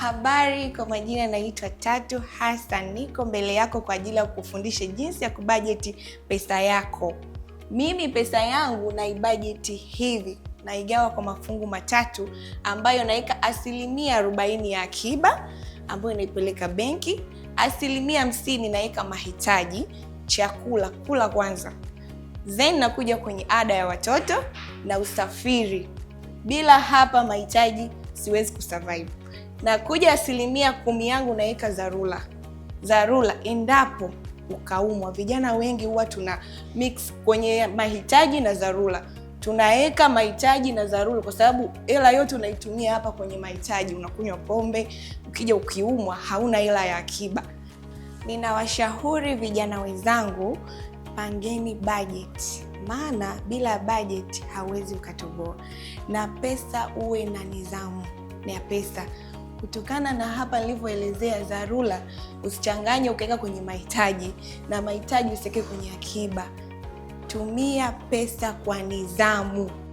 Habari, kwa majina naitwa Tatu Hassan, niko mbele yako kwa ajili ya kukufundisha jinsi ya kubajeti pesa yako. Mimi pesa yangu naibajeti hivi, naigawa kwa mafungu matatu, ambayo naweka asilimia arobaini ya akiba ambayo naipeleka benki, asilimia hamsini naweka mahitaji, chakula kula kwanza, then nakuja kwenye ada ya watoto na usafiri. Bila hapa mahitaji siwezi kusurvive na kuja asilimia kumi yangu naweka dharura, dharura endapo ukaumwa. Vijana wengi huwa tuna mix kwenye mahitaji na dharura, tunaweka mahitaji na dharura kwa sababu hela yote unaitumia hapa kwenye mahitaji. Unakunywa pombe, ukija ukiumwa hauna hela ya akiba. Ninawashauri vijana wenzangu, pangeni bajeti, maana bila bajeti hauwezi ukatoboa, na pesa uwe na nidhamu ya pesa. Kutokana na hapa nilivyoelezea, dharura usichanganye ukaweka kwenye mahitaji na mahitaji usiweke kwenye akiba. Tumia pesa kwa nidhamu.